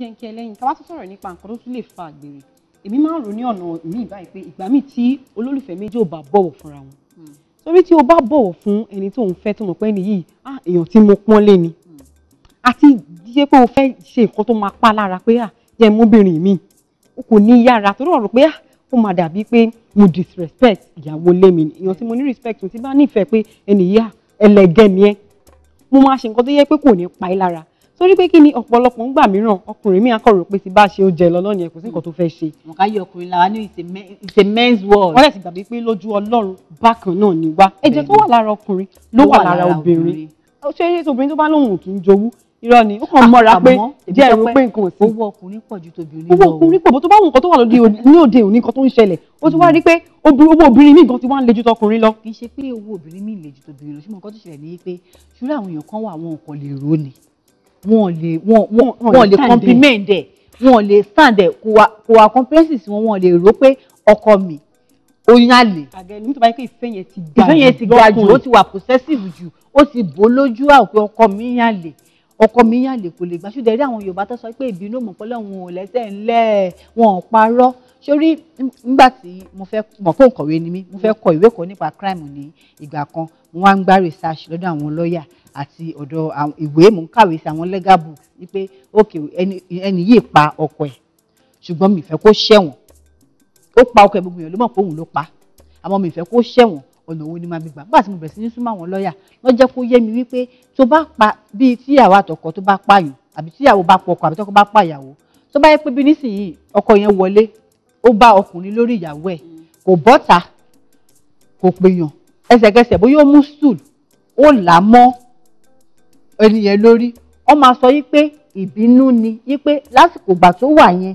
yẹnkẹ lẹ́yìn ká wá tó sọ̀rọ̀ nípa nǹkan tó tún lè fa àgbèrè èmi máa ń rò ní ọ̀nà míì báyìí pé ìgbà míì tí olólùfẹ́ méjì ò bá bọ̀wọ̀ fúnra wọn hmm. torí tí o bá bọ̀wọ̀ fún ẹni tó ń fẹ́ tó mọ̀ pé ẹni yìí ah èèyàn tí mo pọ́n lé ni hmm. àti díje pé o fẹ́ ṣe nǹkan tó máa pa lára pé ah jẹ́ mọ́bìnrin mi o kò ní yára torí ọ̀rọ̀ pé ah ó máa dàbí pé mo disrespect ìyàwó lé mi èèyàn tí mo ní respect tí bá nífẹ̀ẹ́ pé ẹni yìí ah ẹlẹgẹ́ ni ẹ mo máa ṣe nǹkan tó yẹ pé kò ní pa ẹ́ lára torí pé kí ni ọ̀pọ̀lọpọ̀ ńgbà mìíràn ọkùnrin mi akọ̀rò pé ti bá ṣe ó jẹ lọ́nà yẹn kò sí nǹkan tó fẹ́ ṣe. wọn ká yí ọkùnrin lára ní it's a men's world. wọ́n lè ti gbàgbé pé lójú ọlọ́run bákan náà ni wá ẹ̀jẹ̀ tó wà lára ọkùnrin ló wà lára obìnrin ṣé ṣé obìnrin tó bá lóhùn kì í jowú irọ́ ni ó kàn mọ́ra ah, pé jẹ́ ẹ̀rọ pé nǹkan ọ̀sìn. owó ọkùnrin pọ̀ ju tòbí onílọ. owó ọkùnrin pọ̀ bó tó bá wọn nǹkan tó wà lóde ní òde òní nǹkan tó ń ṣẹlẹ̀ ó ti wá rí pé owó obìnrin mi gan ti wá ń le ju tọkùnrin lọ. kì í ṣe pé owó obìnrin mi le ju tòbí onílọ ṣùgbọ́n nǹkan tó ṣẹlẹ̀ ni pé ṣúlẹ̀ àwọn èèyàn kan wà àwọn nǹkan lè rò ni wọn lè wọn wọn wọn lè compliment ẹ wọn lè stand ẹ kò wá kò wá comprehensive wọn wọn lè rò pé ọkọ mi ó yálè. àgẹ̀lẹ̀ nítorí báyìí pé ìfẹ́ yẹn ti ga jù ìfẹ́ yẹn ti ga jù ó ti wà possessive jù ó ti bò lójú àwọn pé ọkọ mi yálè ọkọ mi yálè kò lè gbà ṣùgbọ́n ẹ̀rí àwọn Yorùbá tó sọ pé ìbínú mọ̀pọ́lọ́ wọn ò lẹ́sẹ̀ ńlẹ̀ wọn ò parọ́ sórí nígbà tí mo fẹ́ mọ̀ pé òǹkọ̀wé ni mí mo fẹ́ kọ ìwé kan nípa crime ní ìgbà kan mo wá ń gbá research lọ́dọ̀ àwọn lọ́ọ̀yà àti ọ̀dọ̀ ìwé mo ń kàwé sí àwọn legal books wípé ok ẹni yìí pa ọkọ ẹ̀ ṣùgbọ́n mi ìfẹ́ kó ṣẹ̀wọ̀n ó pa ọkọ ẹ̀ gbogbo èèyàn ló mọ̀ pé òun ló pa àmọ́ mi ìfẹ́ kó ṣẹ̀wọ̀n ọ̀nà òun ni máa gbégbà nígbà tí mo bẹ̀rẹ̀ sí ní súnmọ́ àwọn lọ́ọ̀yà wọ́n jẹ́ kó yé mi wípé tó bá pa bíi tíyàwó àtọkọ tó bá pààyàn àbí tíyàwó bá pọkọ àbí tọkọ bá pàyàwó tó bá yẹ pé bí nísìnyí ọkọ yẹn wọlé ó bá ọkùnrin lórí ìyàwó ẹ̀ kò bọ́ta kò pèèyàn ẹsẹ̀kẹsẹ̀ bóyá ó mú stool ó là á mọ́ ènìyàn lórí wọ́n máa sọ yí pé ìbínú ni yí pé lásìkò ìgbà tó wà yẹn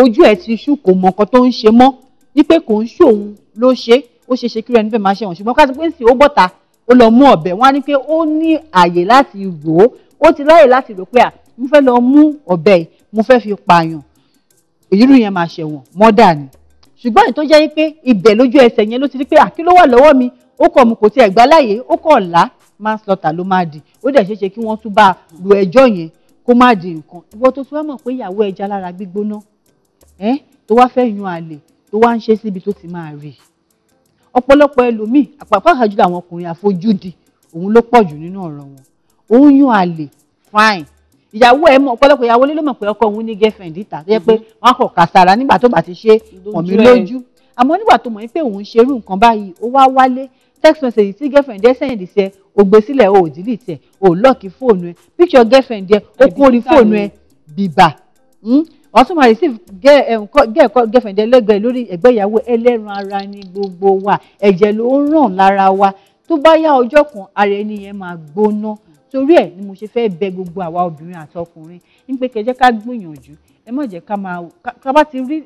ojú ẹ̀ ti ṣú kò mọ nǹkan tó ń ṣe mọ́ yí pé kò ń ṣòun ló ṣe ó ṣe ṣe kí rẹ níbẹ̀ máa ṣe wọ̀n ṣùgbọ́n ká ti pé sì ó bọ́ta ó lọ mú ọ̀bẹ wọ́n á ní pé ó ní àyè láti rò ó ó ti láyè láti rò pé à mo fẹ́ lọ mú ọ̀bẹ mo fẹ́ fi pààyàn irú yẹn máa ṣẹ̀wọ̀n mọ́dà ni ṣùgbọ́n èyí tó jẹ́ pé ibẹ̀ lójú ẹsẹ̀ yẹn ló ti rí pé àkí ló wà lọ́wọ́ mi ó kọ̀ mu kò tiẹ̀ gbá láàyè ó kọ̀ là manslaughter ló máa di ó dẹ̀ ṣeéṣe kí wọ́n tún bá ru ẹjọ́ yẹn kó má di nǹkan ìwọ tó tún wá mọ̀ pé ìyàwó ẹja lára gbígbóná ẹ́ tó wá fẹ́ yan àlè tó wá ń ṣe síbi tó ti máa rè ọ̀pọ̀lọpọ̀ ẹlòmíì àpapọ̀ àjùlọ àwọn ọkùnrin àfojúdi òun ló pọ̀ jù nínú ọ̀rọ̀ wọn òun yan àlè fine ìyàwó ẹ mọ̀ ọ̀pọ̀lọpọ̀ ìyàwó lé ló mọ̀ pé ọkọ òun ní girlfriend ìta tó yẹ pé wọn kò kà sára nígbà tó bá ti ṣe mọ̀ mí lójú àmọ́ nígbà tó mọ̀ pé òun ṣerú nǹkan báyìí ó wá wálé text message tí girlfriend ẹ sẹ́yìn dìṣẹ́ o gbé o ò dìlì tẹ̀ o ò lọ́ọ̀kì fóònù ẹ picture girlfriend ẹ ó kún orí fóònù ẹ bìbà hmm? wọ́n tún máa receive eh, girlfriend ẹ lẹ́gbẹ̀ẹ́ lórí ẹ̀gbẹ́ ìyàwó ẹlẹ́ran ara ni gbogbo wa ẹ̀jẹ̀ ló ń ràn lára wa tó bá yá ọjọ́ kan ara ẹni yẹn máa gbóná torí ẹ̀ ni mo ṣe fẹ́ bẹ gbogbo àwa obìnrin àtọkùnrin ní pé kẹjẹ́ ká gbìyànjú ẹ má jẹ́ ká máa ká bá ti rí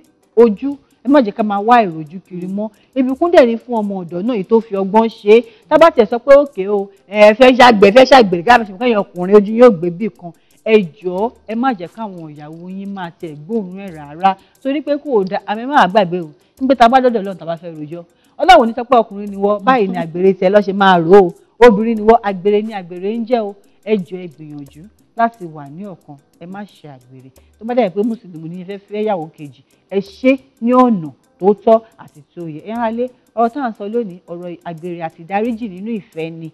ojú ẹ má jẹ́ ká máa wá ìrojú kiri mọ́ ibìkún dẹ̀ ni fún ọmọ ọ̀dọ́ náà èyí tó fi ọgbọ́n ṣe é tábà tẹ̀ sọ pé òkè o ẹ fẹ́ ṣàgbẹ̀ fẹ́ ṣàgbẹ̀ káàbẹ̀ ṣùgbọ́n ẹ̀yìn ọkùnrin ojú yóò gbé bì kan ẹ jọ̀ọ́ ẹ má jẹ́ káwọn ìyàwó yín máa tẹ̀ gbóòórùn ẹ̀ rárá torí pé kò da àmì máa gbàgbé o nígbà tá a bá dọ́dọ̀ lọ́nà tá a bá fẹ́ rojọ́ ọlọ́run ní sọ pé ọkùnrin ni wọ́ báyìí ni àgbèrè tẹ lọ́ ṣe máa rò ó obìnrin ni wọ́n àgbèrè ni àgbèrè ń jẹ́ o ẹ jọ ẹ gbìyànjú láti wà ní ọ̀kan ẹ má ṣe àgbèrè tó bá dẹ̀ pé mùsùlùmí ni fẹ́ fẹ́ yàwó kejì ẹ ṣe ní ọ̀nà tó tọ́ àti tó yẹ ẹ hàn lé ọ̀rọ̀ tá à sọ lónìí ọ̀rọ̀ àgbèrè àti ìdáríjì nínú ìfẹ́ ni